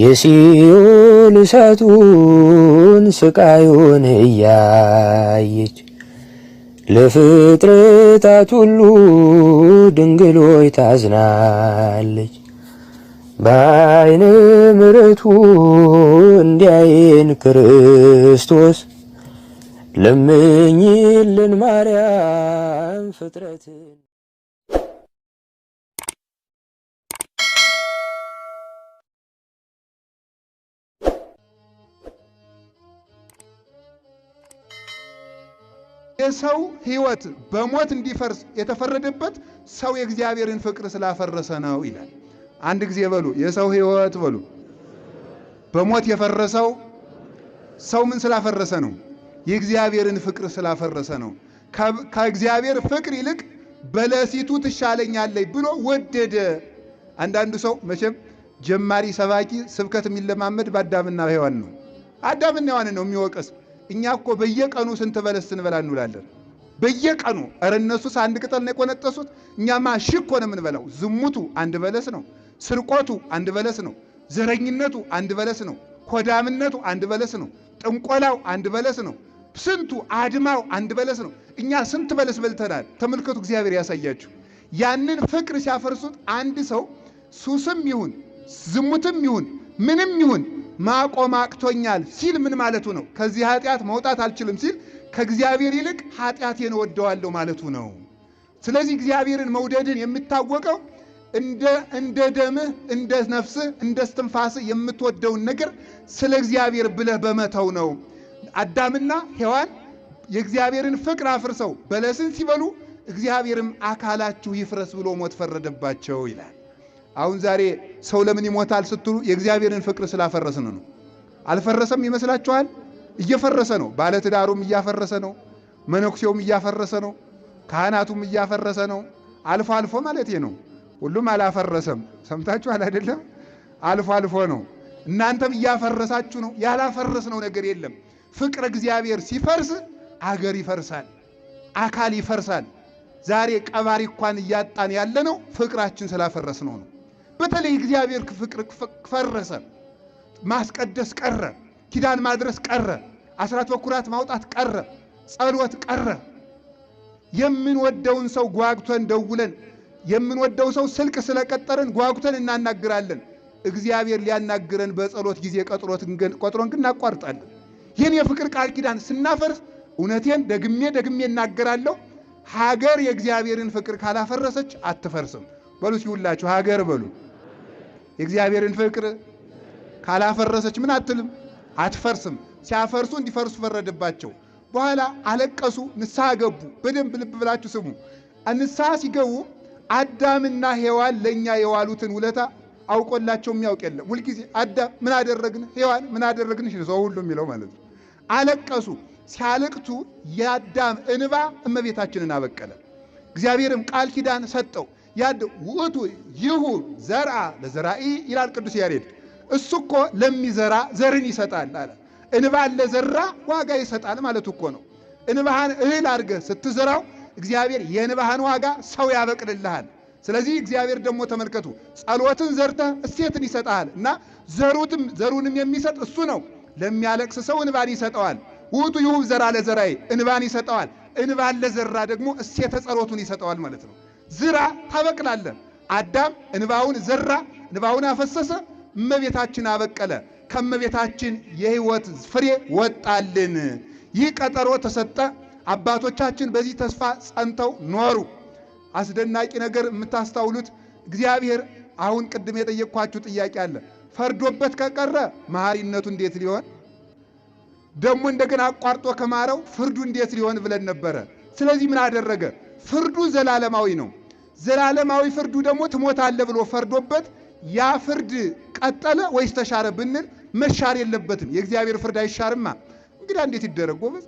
የሲዮን እሳቱን ስቃዩን እያየች ለፍጥረታት ሁሉ ድንግሎይ ታዝናለች። በአይነ ምረቱ እንዲያይን ክርስቶስ ለምኝልን ማርያም ፍጥረትን የሰው ሕይወት በሞት እንዲፈርስ የተፈረደበት ሰው የእግዚአብሔርን ፍቅር ስላፈረሰ ነው ይላል። አንድ ጊዜ በሉ የሰው ሕይወት በሉ በሞት የፈረሰው ሰው ምን ስላፈረሰ ነው? የእግዚአብሔርን ፍቅር ስላፈረሰ ነው። ከእግዚአብሔር ፍቅር ይልቅ በለሲቱ ትሻለኛለች ብሎ ወደደ። አንዳንዱ ሰው መቼም ጀማሪ ሰባኪ ስብከት የሚለማመድ በአዳምና ሔዋን ነው። አዳምና ሔዋን ነው የሚወቀስ እኛ እኮ በየቀኑ ስንት በለስ ስንበላ እንውላለን። በየቀኑ እረ እነሱስ አንድ ቅጠል ነው የቆነጠሱት፣ እኛማ ሺህ እኮ ነው የምንበላው። ዝሙቱ አንድ በለስ ነው። ስርቆቱ አንድ በለስ ነው። ዘረኝነቱ አንድ በለስ ነው። ኮዳምነቱ አንድ በለስ ነው። ጥንቆላው አንድ በለስ ነው። ስንቱ አድማው አንድ በለስ ነው። እኛ ስንት በለስ በልተናል። ተመልከቱ፣ እግዚአብሔር ያሳያችሁ። ያንን ፍቅር ሲያፈርሱት አንድ ሰው ሱስም ይሁን ዝሙትም ይሁን ምንም ይሁን ማቆም አቅቶኛል ሲል ምን ማለቱ ነው? ከዚህ ኃጢአት መውጣት አልችልም ሲል ከእግዚአብሔር ይልቅ ኃጢአቴን ወደዋለሁ ማለቱ ነው። ስለዚህ እግዚአብሔርን መውደድን የምታወቀው እንደ ደምህ፣ እንደ ነፍስህ፣ እንደ እስትንፋስህ የምትወደውን ነገር ስለ እግዚአብሔር ብለህ በመተው ነው። አዳምና ሔዋን የእግዚአብሔርን ፍቅር አፍርሰው በለስን ሲበሉ እግዚአብሔርም አካላችሁ ይፍረስ ብሎ ሞት ፈረደባቸው ይላል። አሁን ዛሬ ሰው ለምን ይሞታል ስትሉ የእግዚአብሔርን ፍቅር ስላፈረስን ነው። አልፈረሰም ይመስላችኋል? እየፈረሰ ነው። ባለትዳሩም እያፈረሰ ነው። መነኩሴውም እያፈረሰ ነው። ካህናቱም እያፈረሰ ነው። አልፎ አልፎ ማለት ነው። ሁሉም አላፈረሰም። ሰምታችኋል አይደለም? አልፎ አልፎ ነው። እናንተም እያፈረሳችሁ ነው። ያላፈረስ ነው ነገር የለም። ፍቅር እግዚአብሔር ሲፈርስ አገር ይፈርሳል፣ አካል ይፈርሳል። ዛሬ ቀባሪ እንኳን እያጣን ነው ፍቅራችን ስላፈረስ ነው ነው በተለይ እግዚአብሔር ፍቅር ፈረሰ፣ ማስቀደስ ቀረ፣ ኪዳን ማድረስ ቀረ፣ አስራት በኩራት ማውጣት ቀረ፣ ጸሎት ቀረ። የምንወደውን ሰው ጓጉተን ደውለን የምንወደው ሰው ስልክ ስለቀጠረን ጓጉተን እናናግራለን። እግዚአብሔር ሊያናግረን በጸሎት ጊዜ ቀጥሮን ግን እናቋርጣለን። ይህን የፍቅር ቃል ኪዳን ስናፈርስ እውነቴን ደግሜ ደግሜ እናገራለሁ፣ ሀገር የእግዚአብሔርን ፍቅር ካላፈረሰች አትፈርስም። በሉ ሲውላችሁ ሀገር በሉ። የእግዚአብሔርን ፍቅር ካላፈረሰች ምን አትልም አትፈርስም። ሲያፈርሱ እንዲፈርሱ ፈረደባቸው። በኋላ አለቀሱ፣ ንስሐ ገቡ። በደንብ ልብ ብላችሁ ስሙ። ንስሐ ሲገቡ አዳምና ሔዋን ለእኛ የዋሉትን ውለታ አውቆላቸው የሚያውቅ የለም። ሁልጊዜ አዳም ምን አደረግን፣ ሔዋን ምን አደረግንሽ ሰው ሁሉ የሚለው ማለት ነው። አለቀሱ። ሲያለቅቱ የአዳም እንባ እመቤታችንን አበቀለ። እግዚአብሔርም ቃል ኪዳን ሰጠው። ያድ ውእቱ ይሁ ዘርአ ለዘራኢ ይላል ቅዱስ ያሬድ። እሱ እኮ ለሚዘራ ዘርን ይሰጣል አለ። እንባህን ለዘራ ዋጋ ይሰጣል ማለት እኮ ነው። እንባህን እህል አድርገህ ስትዘራው እግዚአብሔር የንባህን ዋጋ ሰው ያበቅልልሃል። ስለዚህ እግዚአብሔር ደግሞ ተመልከቱ፣ ጸሎትን ዘርተህ እሴትን ይሰጣል እና ዘሩትም ዘሩንም የሚሰጥ እሱ ነው። ለሚያለቅስ ሰው እንባን ይሰጠዋል። ውእቱ ይሁ ዘራ ለዘራኢ እንባን ይሰጠዋል። እንባን ለዘራ ደግሞ እሴተ ጸሎቱን ይሰጠዋል ማለት ነው። ዝራ ታበቅላለ። አዳም እንባውን ዘራ፣ እንባውን አፈሰሰ፣ እመቤታችን አበቀለ። ከእመቤታችን የህይወት ፍሬ ወጣልን። ይህ ቀጠሮ ተሰጠ። አባቶቻችን በዚህ ተስፋ ጸንተው ኖሩ። አስደናቂ ነገር የምታስታውሉት እግዚአብሔር አሁን ቅድም የጠየቅኳችሁ ጥያቄ አለ። ፈርዶበት ከቀረ መሐሪነቱ እንዴት ሊሆን ደግሞ እንደገና አቋርጦ ከማረው ፍርዱ እንዴት ሊሆን ብለን ነበረ። ስለዚህ ምን አደረገ? ፍርዱ ዘላለማዊ ነው። ዘላለማዊ ፍርዱ ደግሞ ትሞታለህ ብሎ ፈርዶበት ያ ፍርድ ቀጠለ ወይስ ተሻረ ብንል መሻር የለበትም። የእግዚአብሔር ፍርድ አይሻርማ። እንግዲህ እንዴት ይደረግ ጎበዝ?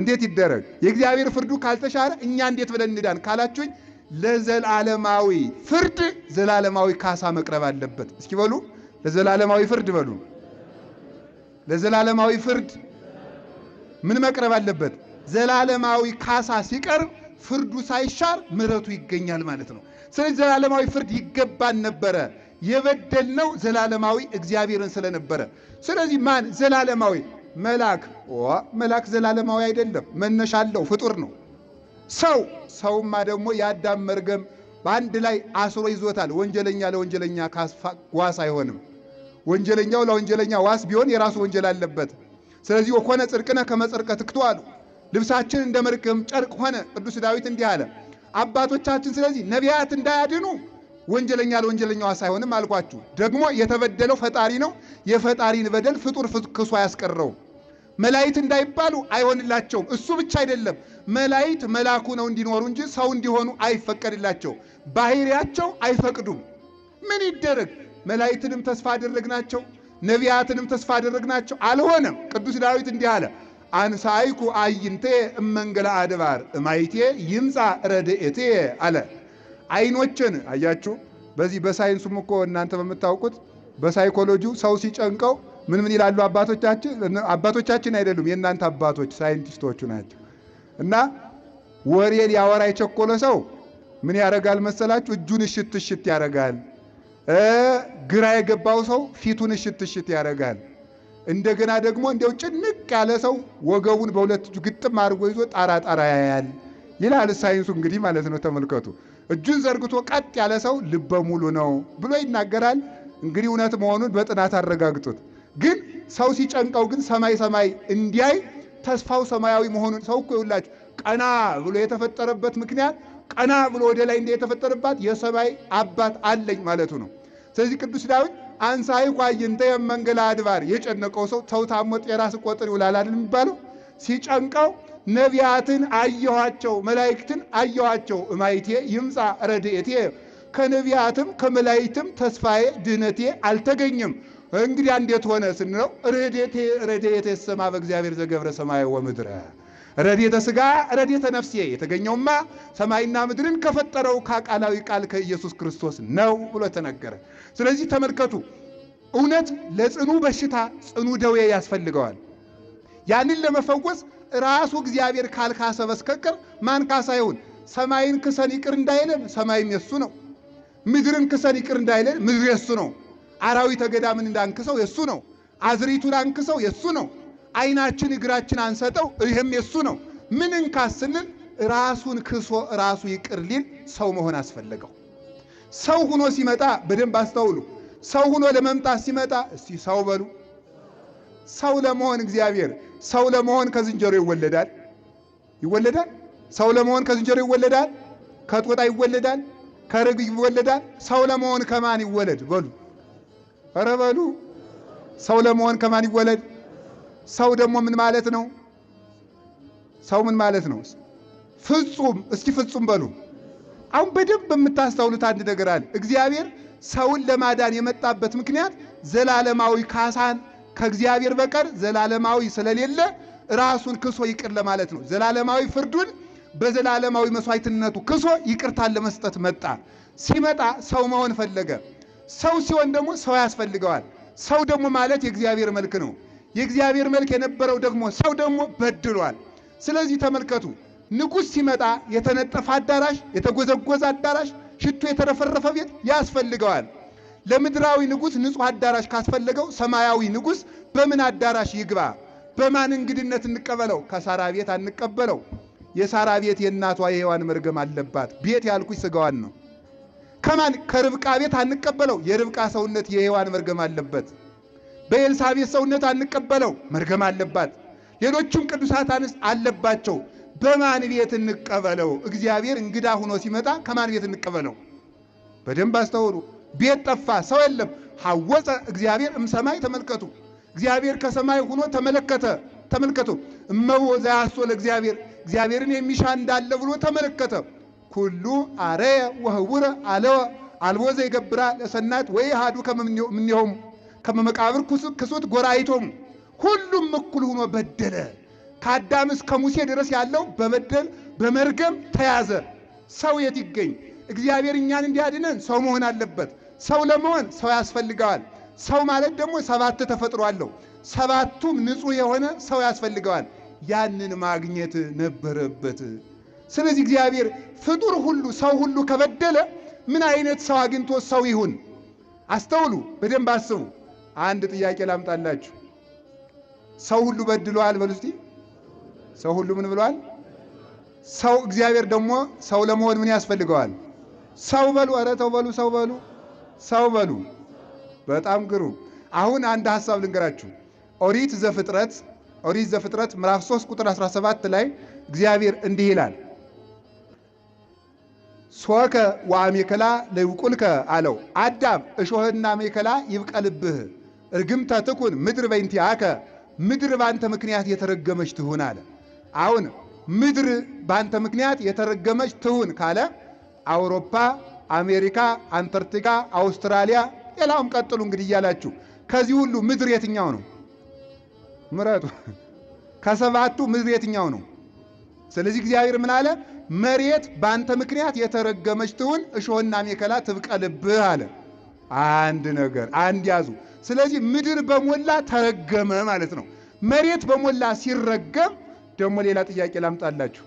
እንዴት ይደረግ? የእግዚአብሔር ፍርዱ ካልተሻረ እኛ እንዴት ብለን እንዳን ካላችሁኝ፣ ለዘላለማዊ ፍርድ ዘላለማዊ ካሳ መቅረብ አለበት። እስኪ በሉ ለዘላለማዊ ፍርድ በሉ። ለዘላለማዊ ፍርድ ምን መቅረብ አለበት? ዘላለማዊ ካሳ ሲቀርብ ፍርዱ ሳይሻር ምረቱ ይገኛል ማለት ነው። ስለዚህ ዘላለማዊ ፍርድ ይገባን ነበረ። የበደልነው ዘላለማዊ እግዚአብሔርን ስለነበረ፣ ስለዚህ ማን ዘላለማዊ መልአክ መልአክ ዘላለማዊ አይደለም፣ መነሻ አለው፣ ፍጡር ነው። ሰው ሰውማ ደግሞ የአዳም መርገም በአንድ ላይ አስሮ ይዞታል። ወንጀለኛ ለወንጀለኛ ዋስ አይሆንም። ወንጀለኛው ለወንጀለኛ ዋስ ቢሆን የራሱ ወንጀል አለበት። ስለዚህ ወኮነ ጽድቅነ ከመጽርቀ ትክቶ አሉ ልብሳችን እንደ መርቅም ጨርቅ ሆነ። ቅዱስ ዳዊት እንዲህ አለ፣ አባቶቻችን ስለዚህ ነቢያት እንዳያድኑ ወንጀለኛ ለወንጀለኛዋ ሳይሆንም አልኳችሁ። ደግሞ የተበደለው ፈጣሪ ነው። የፈጣሪን በደል ፍጡር ክሱ አያስቀረውም። መላይት እንዳይባሉ አይሆንላቸውም። እሱ ብቻ አይደለም፣ መላይት መላኩ ነው እንዲኖሩ እንጂ ሰው እንዲሆኑ አይፈቀድላቸው፣ ባህሪያቸው አይፈቅዱም። ምን ይደረግ? መላይትንም ተስፋ አደረግናቸው፣ ነቢያትንም ተስፋ አደረግናቸው፣ አልሆነም። ቅዱስ ዳዊት እንዲህ አለ አንሳይኩ አይንቴ እመንገለ አድባር እማይቴ ይምፃ ረድኤቴ አለ። አይኖችን አያችሁ። በዚህ በሳይንሱም እኮ እናንተ በምታውቁት በሳይኮሎጂው ሰው ሲጨንቀው ምን ምን ይላሉ አባቶቻችን። አባቶቻችን አይደሉም የእናንተ አባቶች ሳይንቲስቶቹ ናቸው። እና ወሬ ሊያወራ የቸኮለ ሰው ምን ያረጋል መሰላችሁ? እጁን እሽት እሽት ያረጋል። ግራ የገባው ሰው ፊቱን እሽት እሽት ያረጋል። እንደገና ደግሞ እንዲያው ጭን ያለ ሰው ወገቡን በሁለት እጁ ግጥም አድርጎ ይዞ ጣራ ጣራ ያያል ይላል ሳይንሱ እንግዲህ ማለት ነው። ተመልከቱ። እጁን ዘርግቶ ቀጥ ያለ ሰው ልበ ሙሉ ነው ብሎ ይናገራል። እንግዲህ እውነት መሆኑን በጥናት አረጋግጡት። ግን ሰው ሲጨንቀው ግን ሰማይ ሰማይ እንዲያይ ተስፋው ሰማያዊ መሆኑን ሰው እኮ ይውላችሁ ቀና ብሎ የተፈጠረበት ምክንያት ቀና ብሎ ወደ ላይ እንዲህ የተፈጠረባት የሰማይ አባት አለኝ ማለቱ ነው። ስለዚህ ቅዱስ ዳዊት አንሳይ ኳይንተ የመንገላ አድባር የጨነቀው ሰው ሰው ታሞ ጤና ሲቆጥር ይውላል አይደል የሚባለው። ሲጨንቀው ነቢያትን አየኋቸው፣ መላእክትን አየኋቸው። እማይቴ ይምጻ ረድኤቴ ከነቢያትም ከመላእክትም ተስፋዬ ድህነቴ አልተገኘም። እንግዲህ እንዴት ሆነ ስንለው ረድኤቴ ረድኤቴ ሰማ በእግዚአብሔር ዘገብረ ሰማይ ወምድረ ረድኤተ ሥጋ ረድኤተ ነፍሴ የተገኘውማ ሰማይና ምድርን ከፈጠረው ከአቃላዊ ቃል ከኢየሱስ ክርስቶስ ነው ብሎ ተነገረ። ስለዚህ ተመልከቱ፣ እውነት ለጽኑ በሽታ ጽኑ ደዌ ያስፈልገዋል። ያንን ለመፈወስ ራሱ እግዚአብሔር ካልካሰ በስተቀር ማን ካሳ ይሁን? ሰማይን ክሰን ይቅር እንዳይለን ሰማይም የሱ ነው። ምድርን ክሰን ይቅር እንዳይለን ምድር የሱ ነው። አራዊተ ገዳምን እንዳንክሰው የሱ ነው። አዝሪቱን አንክሰው የሱ ነው። አይናችን እግራችን አንሰጠው ይህም የሱ ነው። ምን እንካስንን ራሱን ክሶ ራሱ ይቅር ሊል ሰው መሆን አስፈለገው። ሰው ሆኖ ሲመጣ በደንብ አስተውሉ። ሰው ሆኖ ለመምጣት ሲመጣ እስቲ ሰው በሉ። ሰው ለመሆን እግዚአብሔር ሰው ለመሆን ከዝንጀሮ ይወለዳል ይወለዳል። ሰው ለመሆን ከዝንጀሮ ይወለዳል፣ ከጦጣ ይወለዳል፣ ከርግብ ይወለዳል። ሰው ለመሆን ከማን ይወለድ በሉ? ኧረ በሉ። ሰው ለመሆን ከማን ይወለድ? ሰው ደግሞ ምን ማለት ነው? ሰው ምን ማለት ነው? ፍጹም። እስኪ ፍጹም በሉ አሁን በደንብ የምታስተውሉት አንድ ነገር አለ። እግዚአብሔር ሰውን ለማዳን የመጣበት ምክንያት ዘላለማዊ ካሳን ከእግዚአብሔር በቀር ዘላለማዊ ስለሌለ ራሱን ክሶ ይቅር ለማለት ነው። ዘላለማዊ ፍርዱን በዘላለማዊ መስዋዕትነቱ ክሶ ይቅርታን ለመስጠት መጣ። ሲመጣ ሰው መሆን ፈለገ። ሰው ሲሆን ደግሞ ሰው ያስፈልገዋል። ሰው ደግሞ ማለት የእግዚአብሔር መልክ ነው። የእግዚአብሔር መልክ የነበረው ደግሞ ሰው ደግሞ በድሏል። ስለዚህ ተመልከቱ ንጉሥ ሲመጣ የተነጠፈ አዳራሽ፣ የተጎዘጎዘ አዳራሽ፣ ሽቱ የተረፈረፈ ቤት ያስፈልገዋል። ለምድራዊ ንጉሥ ንጹሕ አዳራሽ ካስፈለገው ሰማያዊ ንጉሥ በምን አዳራሽ ይግባ? በማን እንግድነት እንቀበለው? ከሳራ ቤት አንቀበለው። የሳራ ቤት የእናቷ የሔዋን መርገም አለባት። ቤት ያልኩኝ ስጋዋን ነው። ከማን ከርብቃ ቤት አንቀበለው። የርብቃ ሰውነት የሔዋን መርገም አለበት። በኤልሳቤት ሰውነት አንቀበለው፣ መርገም አለባት። ሌሎቹም ቅዱሳት አንስት አለባቸው። በማን ቤት እንቀበለው? እግዚአብሔር እንግዳ ሆኖ ሲመጣ ከማን ቤት እንቀበለው? በደንብ አስተውሉ። ቤት ጠፋ፣ ሰው የለም። ሐወፀ እግዚአብሔር እምሰማይ ተመልከቱ። እግዚአብሔር ከሰማይ ሆኖ ተመለከተ። ተመልከቱ እመዎ ዘያስቶ ለእግዚአብሔር እግዚአብሔርን የሚሻ እንዳለ ብሎ ተመለከተ። ኩሉ አረየ ወህውረ አለወ አልቦ ዘይገብራ ለሰናት ወይ ሃዱ ከመምኔሆሙ ከመመቃብር ክሱት ጎራይቶም ሁሉም እኩል ሆኖ በደለ። ከአዳም እስከ ሙሴ ድረስ ያለው በበደል በመርገም ተያዘ። ሰው የት ይገኝ? እግዚአብሔር እኛን እንዲያድነን ሰው መሆን አለበት። ሰው ለመሆን ሰው ያስፈልገዋል። ሰው ማለት ደግሞ ሰባት ተፈጥሮ አለው። ሰባቱም ንጹሕ የሆነ ሰው ያስፈልገዋል። ያንን ማግኘት ነበረበት። ስለዚህ እግዚአብሔር ፍጡር ሁሉ ሰው ሁሉ ከበደለ ምን አይነት ሰው አግኝቶ ሰው ይሁን? አስተውሉ፣ በደንብ አስቡ። አንድ ጥያቄ ላምጣላችሁ። ሰው ሁሉ በድሏል በሉ እስቲ። ሰው ሁሉ ምን ብሏል? ሰው እግዚአብሔር ደግሞ ሰው ለመሆን ምን ያስፈልገዋል? ሰው በሉ። ኧረ ተው በሉ፣ ሰው በሉ፣ ሰው በሉ። በጣም ግሩም። አሁን አንድ ሀሳብ ልንገራችሁ። ኦሪት ዘፍጥረት ኦሪት ዘፍጥረት ምዕራፍ 3 ቁጥር 17 ላይ እግዚአብሔር እንዲህ ይላል ሶከ ወአሜከላ ለይብቁልከ አለው አዳም እሾህና ሜከላ ይብቀልብህ እርግምተ ትኩን ምድር በእንቲአከ ምድር ባንተ ምክንያት የተረገመች ትሁን አለ አሁን ምድር በአንተ ምክንያት የተረገመች ትሁን ካለ አውሮፓ፣ አሜሪካ፣ አንታርክቲካ፣ አውስትራሊያ ሌላውም ቀጥሉ እንግዲህ እያላችሁ ከዚህ ሁሉ ምድር የትኛው ነው? ምረጡ። ከሰባቱ ምድር የትኛው ነው? ስለዚህ እግዚአብሔር ምን አለ? መሬት በአንተ ምክንያት የተረገመች ትሁን፣ እሾህና አሜከላ ትብቀልብህ አለ። አንድ ነገር አንድ ያዙ። ስለዚህ ምድር በሞላ ተረገመ ማለት ነው። መሬት በሞላ ሲረገም ደግሞ ሌላ ጥያቄ ላምጣላችሁ።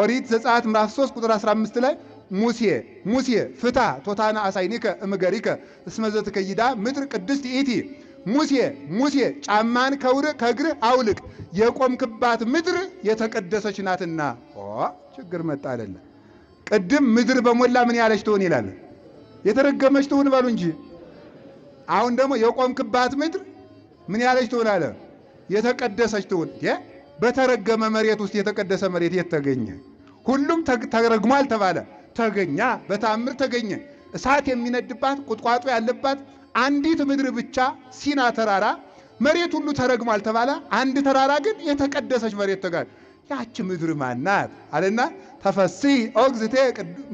ኦሪት ዘጸአት ምዕራፍ 3 ቁጥር 15 ላይ ሙሴ ሙሴ ፍታ ቶታና አሳይኒከ እምገሪከ እስመዘት ከይዳ ምድር ቅድስት ኢቲ ሙሴ ሙሴ ጫማን ከውር ከእግር አውልቅ የቆምክባት ምድር የተቀደሰች ናትና። ኦ ችግር መጣ አይደለ? ቅድም ምድር በሞላ ምን ያለች ትሆን ይላል። የተረገመች ትሁን በሉ እንጂ። አሁን ደግሞ የቆምክባት ምድር ምን ያለች ትሆን አለ። የተቀደሰች ትሁን በተረገመ መሬት ውስጥ የተቀደሰ መሬት የት ተገኘ? ሁሉም ተረግሟል ተባለ። ተገኛ በተአምር ተገኘ። እሳት የሚነድባት ቁጥቋጦ ያለባት አንዲት ምድር ብቻ ሲና ተራራ መሬት ሁሉ ተረግሟል ተባለ። አንድ ተራራ ግን የተቀደሰች መሬት ተጋር ያቺ ምድር ማናት አለና ተፈሲ ኦግዝቴ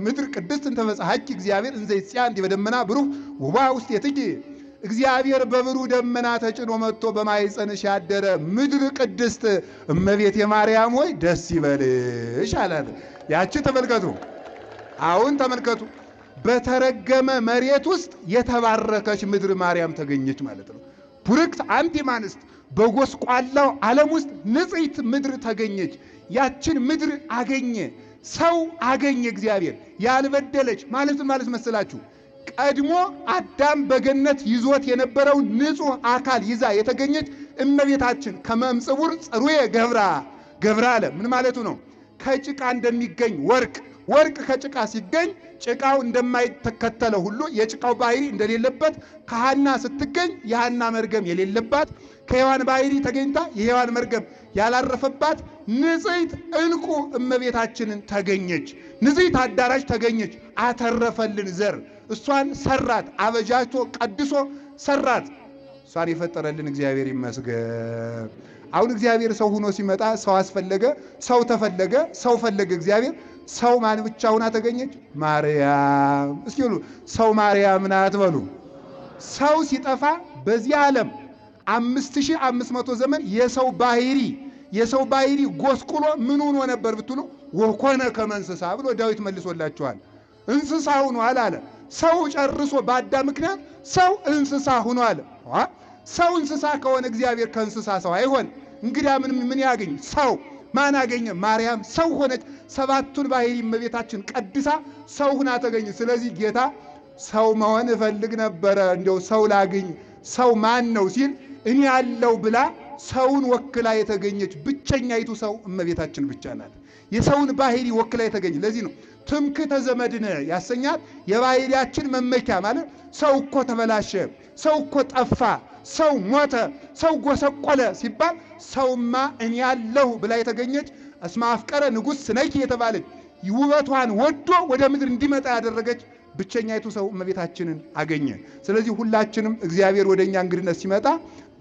ምድር ቅድስት እንተበጽሐኪ እግዚአብሔር እንዘይጽያ እንዲህ በደመና ብሩህ ውባ ውስጥ የትጅ እግዚአብሔር በብሩህ ደመና ተጭኖ መጥቶ በማኅፀንሽ ያደረ ምድር ቅድስት እመቤት የማርያም ሆይ ደስ ይበልሽ አላት። ያቺ ተመልከቱ፣ አሁን ተመልከቱ። በተረገመ መሬት ውስጥ የተባረከች ምድር ማርያም ተገኘች ማለት ነው። ቡርክት አንቲ በጎስቋላው ዓለም ውስጥ ንጽሕት ምድር ተገኘች። ያችን ምድር አገኘ ሰው አገኘ እግዚአብሔር። ያልበደለች ማለት ማለት መስላችሁ ቀድሞ አዳም በገነት ይዞት የነበረውን ንጹሕ አካል ይዛ የተገኘች እመቤታችን ከመምጽቡር ጽሩየ ገብራ ገብራ አለ። ምን ማለቱ ነው? ከጭቃ እንደሚገኝ ወርቅ ወርቅ ከጭቃ ሲገኝ ጭቃው እንደማይተከተለ ሁሉ የጭቃው ባህሪ እንደሌለበት ከሐና ስትገኝ የሐና መርገም የሌለባት ከሔዋን ባህሪ ተገኝታ የሔዋን መርገም ያላረፈባት ንጽሕት እንቁ እመቤታችንን ተገኘች። ንጽሕት አዳራሽ ተገኘች። አተረፈልን ዘር እሷን ሰራት፣ አበጃጅቶ ቀድሶ ሰራት። እሷን የፈጠረልን እግዚአብሔር ይመስገን። አሁን እግዚአብሔር ሰው ሆኖ ሲመጣ ሰው አስፈለገ፣ ሰው ተፈለገ፣ ሰው ፈለገ እግዚአብሔር። ሰው ማን ብቻ ሆና ተገኘች? ማርያም። እስኪ በሉ ሰው ማርያም ናት በሉ። ሰው ሲጠፋ በዚህ ዓለም አምስት ሺህ አምስት መቶ ዘመን የሰው ባህሪ የሰው ባህሪ ጎስቁሎ ምን ሆኖ ነበር ብትሉ ወኮነ ከመ እንስሳ ብሎ ዳዊት መልሶላችኋል። እንስሳ ሆኗል አለ ሰው ጨርሶ በአዳም ምክንያት ሰው እንስሳ ሆኗል። ሰው እንስሳ ከሆነ እግዚአብሔር ከእንስሳ ሰው አይሆን። እንግዲያ ምን ምን ያገኝ ሰው ማን አገኘ? ማርያም ሰው ሆነች። ሰባቱን ባህሪ እመቤታችን ቀድሳ ሰው ሁና ተገኘ። ስለዚህ ጌታ ሰው መሆን እፈልግ ነበረ፣ እንደው ሰው ላገኝ፣ ሰው ማን ነው ሲል እኔ ያለው ብላ ሰውን ወክላ የተገኘች ብቸኛይቱ ሰው እመቤታችን ብቻ ናት። የሰውን ባህሪ ወክላ የተገኘ ለዚህ ነው ትምክህተ ዘመድነ ያሰኛል። የባህሪያችን መመኪያ ማለት ሰው እኮ ተበላሸ፣ ሰው እኮ ጠፋ፣ ሰው ሞተ፣ ሰው ጎሰቆለ ሲባል ሰውማ እኔ ያለሁ ብላ የተገኘች እስማ አፍቀረ ንጉሥ ስነኪ የተባለች ውበቷን ወዶ ወደ ምድር እንዲመጣ ያደረገች ብቸኛይቱ ሰው እመቤታችንን አገኘ። ስለዚህ ሁላችንም እግዚአብሔር ወደ እኛ እንግድነት ሲመጣ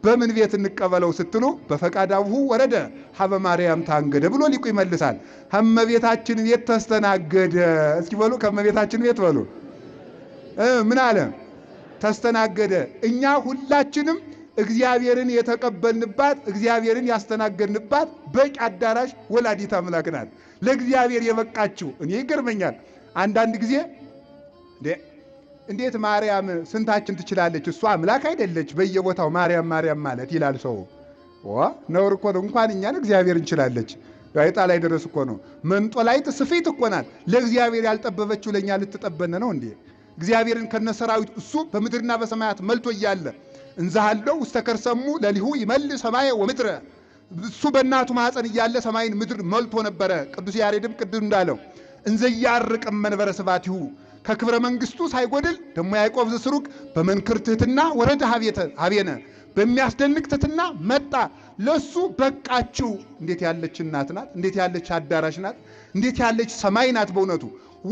በምን ቤት እንቀበለው ስትሉ በፈቃዳሁ ወረደ ሀበ ማርያም ታንገደ ብሎ ሊቁ ይመልሳል። ከመቤታችን ቤት ተስተናገደ። እስኪ በሉ ከመቤታችን ቤት በሉ። ምን አለ ተስተናገደ። እኛ ሁላችንም እግዚአብሔርን የተቀበልንባት እግዚአብሔርን ያስተናገድንባት በቂ አዳራሽ ወላዲት አምላክ ናት። ለእግዚአብሔር የበቃችው እኔ ይገርመኛል አንዳንድ ጊዜ እንዴት ማርያም ስንታችን ትችላለች? እሷ አምላክ አይደለች? በየቦታው ማርያም ማርያም ማለት ይላል ሰው። ነውር እኮ ነው። እንኳን እኛን እግዚአብሔር እንችላለች። ጋዜጣ ላይ ደረስ እኮ ነው። መንጦ ላይ ስፌት እኮ ናት። ለእግዚአብሔር ያልጠበበችው ለእኛ ልትጠበነ ነው እንዴ? እግዚአብሔርን ከነሰራዊት እሱ በምድርና በሰማያት መልቶ እያለ እንዛሃለው ውስተ ከርሰሙ ለሊሁ ይመል ሰማየ ወምድረ እሱ በእናቱ ማፀን እያለ ሰማይን ምድር መልቶ ነበረ። ቅዱስ ያሬድም ቅዱስ እንዳለው እንዘያርቅም መንበረ ስባት ይሁ ከክብረ መንግስቱ ሳይጎድል ደሞ ያዕቆብ ዝስሩቅ በመንክር ትሕትና ወረደ ሀቤነ በሚያስደንቅ ትሕትና መጣ። ለሱ በቃችው። እንዴት ያለች እናት ናት! እንዴት ያለች አዳራሽ ናት! እንዴት ያለች ሰማይ ናት! በእውነቱ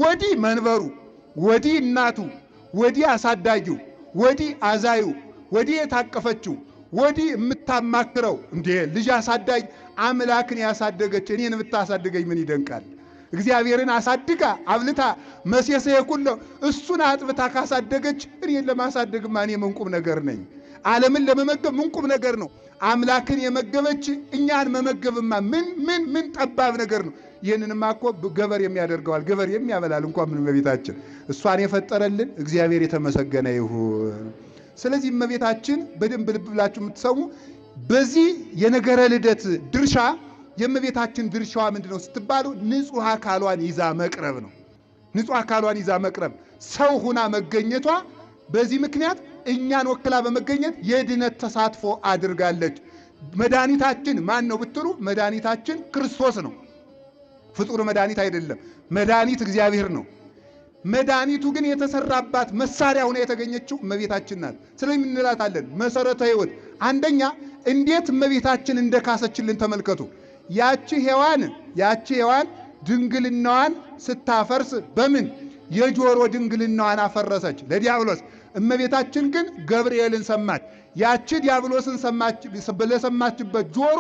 ወዲህ መንበሩ፣ ወዲህ እናቱ፣ ወዲህ አሳዳጊው፣ ወዲህ አዛዩ፣ ወዲህ የታቀፈችው፣ ወዲህ የምታማክረው እንዴ! ልጅ አሳዳጊ አምላክን ያሳደገች እኔን የምታሳድገኝ ምን ይደንቃል! እግዚአብሔርን አሳድጋ አብልታ መሴሰ የኩለ እሱን አጥብታ ካሳደገች እኔን ለማሳደግ ማን የምንቁም ነገር ነኝ? ዓለምን ለመመገብ ምንቁም ነገር ነው? አምላክን የመገበች እኛን መመገብማ ምን ምን ምን ጠባብ ነገር ነው? ይህንንማ እኮ ገበር የሚያደርገዋል ገበር የሚያበላል እንኳ ምን እመቤታችን እሷን የፈጠረልን እግዚአብሔር የተመሰገነ ይሁን። ስለዚህ እመቤታችን በደንብ ልብ ብላችሁ የምትሰሙ በዚህ የነገረ ልደት ድርሻ የእመቤታችን ድርሻዋ ምንድን ነው ስትባሉ፣ ንጹሕ አካሏን ይዛ መቅረብ ነው። ንጹሕ አካሏን ይዛ መቅረብ፣ ሰው ሁና መገኘቷ በዚህ ምክንያት እኛን ወክላ በመገኘት የድነት ተሳትፎ አድርጋለች። መድኃኒታችን ማን ነው ብትሉ፣ መድኃኒታችን ክርስቶስ ነው። ፍጡር መድኃኒት አይደለም። መድኃኒት እግዚአብሔር ነው። መድኃኒቱ ግን የተሰራባት መሳሪያ ሁና የተገኘችው እመቤታችን ናት። ስለዚህ እንላታለን መሰረተ ሕይወት አንደኛ እንዴት እመቤታችን እንደካሰችልን ተመልከቱ። ያቺ ሔዋን ያቺ ሔዋን ድንግልናዋን ስታፈርስ በምን የጆሮ ድንግልናዋን አፈረሰች ለዲያብሎስ። እመቤታችን ግን ገብርኤልን ሰማች። ያቺ ዲያብሎስን ሰማች ለሰማችበት ጆሮ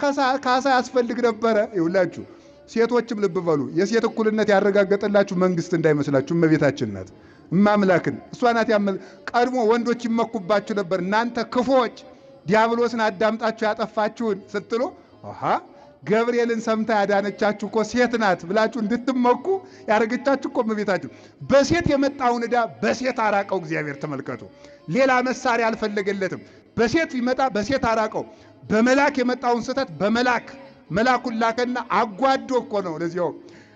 ካሳ ያስፈልግ ነበረ። ይውላችሁ ሴቶችም ልብ በሉ። የሴት እኩልነት ያረጋገጠላችሁ መንግስት እንዳይመስላችሁ እመቤታችን ናት። እማምላክን እሷ ናት ያመል። ቀድሞ ወንዶች ይመኩባችሁ ነበር። እናንተ ክፎች ዲያብሎስን አዳምጣችሁ ያጠፋችሁን ስትሉ አሃ ገብርኤልን ሰምታ ያዳነቻችሁ እኮ ሴት ናት ብላችሁ እንድትመኩ ያደረገቻችሁ እኮ እመቤታችሁ። በሴት የመጣውን ዕዳ በሴት አራቀው እግዚአብሔር። ተመልከቱ፣ ሌላ መሳሪያ አልፈለገለትም። በሴት ይመጣ በሴት አራቀው። በመላክ የመጣውን ስህተት በመላክ መላኩን ላከና አጓዶ እኮ ነው። ለዚያው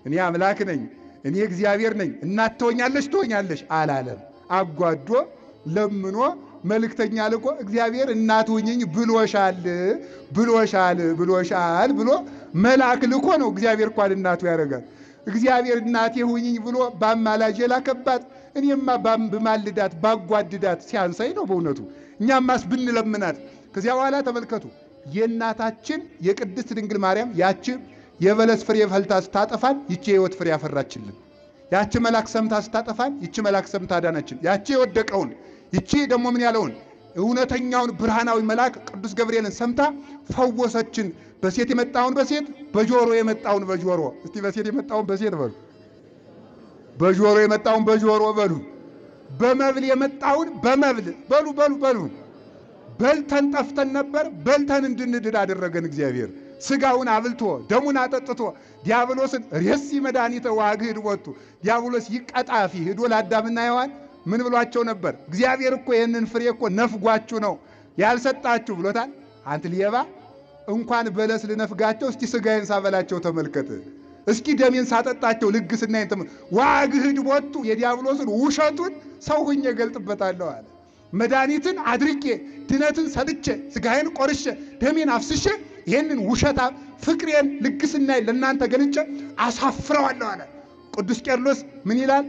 እኔ አምላክ ነኝ እኔ እግዚአብሔር ነኝ እናት ትወኛለች ትሆኛለሽ አላለም። አጓዶ ለምኖ መልእክተኛ ልኮ እግዚአብሔር እናት ሁኚኝ ብሎሻል ብሎሻል ብሎሻል ብሎ መልአክ ልኮ ነው እግዚአብሔር እንኳን እናቱ ያደርጋል። እግዚአብሔር እናቴ ሁኚኝ ብሎ በአማላጅ ላከባት። እኔማ ብማልዳት ባጓድዳት ሲያንሳይ ነው በእውነቱ። እኛማስ ብንለምናት። ከዚያ በኋላ ተመልከቱ የእናታችን የቅድስት ድንግል ማርያም ያቺ የበለስ ፍሬ ፈልታ ስታጠፋን ይቺ የሕይወት ፍሬ ያፈራችልን። ያቺ መልአክ ሰምታ ስታጠፋን ይቺ መልአክ ሰምታ አዳናችን። ያቺ የወደቀውን ይቺ ደግሞ ምን ያለውን እውነተኛውን ብርሃናዊ መልአክ ቅዱስ ገብርኤልን ሰምታ ፈወሰችን። በሴት የመጣውን በሴት በጆሮ የመጣውን በጆሮ እስቲ በሴት የመጣውን በሴት በሉ፣ በጆሮ የመጣውን በጆሮ በሉ፣ በመብል የመጣውን በመብል በሉ በሉ በሉ። በልተን ጠፍተን ነበር፣ በልተን እንድንድን አደረገን እግዚአብሔር። ስጋውን አብልቶ ደሙን አጠጥቶ ዲያብሎስን ሬሲ መድኃኒተ ዋግህድ ወጡ ዲያብሎስ ይቀጣፊ ሂዶ ለአዳምና ሔዋን ምን ብሏቸው ነበር? እግዚአብሔር እኮ ይህንን ፍሬ እኮ ነፍጓችሁ ነው ያልሰጣችሁ ብሎታል። አንት ሊየባ እንኳን በለስ ልነፍጋቸው፣ እስቲ ስጋዬን ሳበላቸው ተመልከት፣ እስኪ ደሜን ሳጠጣቸው ልግስና ይንተም ዋግህድ ቦቱ የዲያብሎስን ውሸቱን ሰው ሁኜ እገልጥበታለሁ አለ። መድኃኒትን አድርጌ ድነትን ሰጥቼ ስጋዬን ቆርሼ ደሜን አፍስሼ ይህንን ውሸታ ፍቅሬን ልግስናዬን ለእናንተ ገልጬ አሳፍረዋለሁ አለ። ቅዱስ ቄርሎስ ምን ይላል?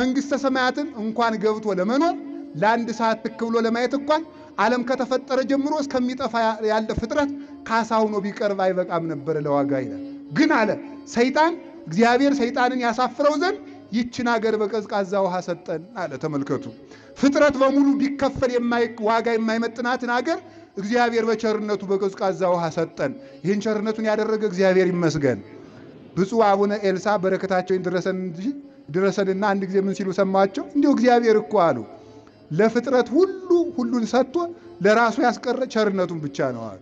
መንግሥተ ሰማያትን እንኳን ገብቶ ለመኖር ለአንድ ሰዓት ትክ ብሎ ለማየት እንኳን ዓለም ከተፈጠረ ጀምሮ እስከሚጠፋ ያለ ፍጥረት ካሳ ሆኖ ቢቀርብ አይበቃም ነበር ለዋጋ ይላል። ግን አለ ሰይጣን እግዚአብሔር ሰይጣንን ያሳፍረው ዘንድ ይችን አገር በቀዝቃዛ ውሃ ሰጠን አለ። ተመልከቱ፣ ፍጥረት በሙሉ ቢከፈል ዋጋ የማይመጥናትን አገር እግዚአብሔር በቸርነቱ በቀዝቃዛ ውሃ ሰጠን። ይህን ቸርነቱን ያደረገ እግዚአብሔር ይመስገን። ብፁዕ አቡነ ኤልሳ በረከታቸው ይድረሰን እንጂ ድረሰንና አንድ ጊዜ ምን ሲሉ ሰማቸው? እንዲሁ እግዚአብሔር እኮ አሉ ለፍጥረት ሁሉ ሁሉን ሰጥቶ ለራሱ ያስቀረ ቸርነቱን ብቻ ነው አሉ።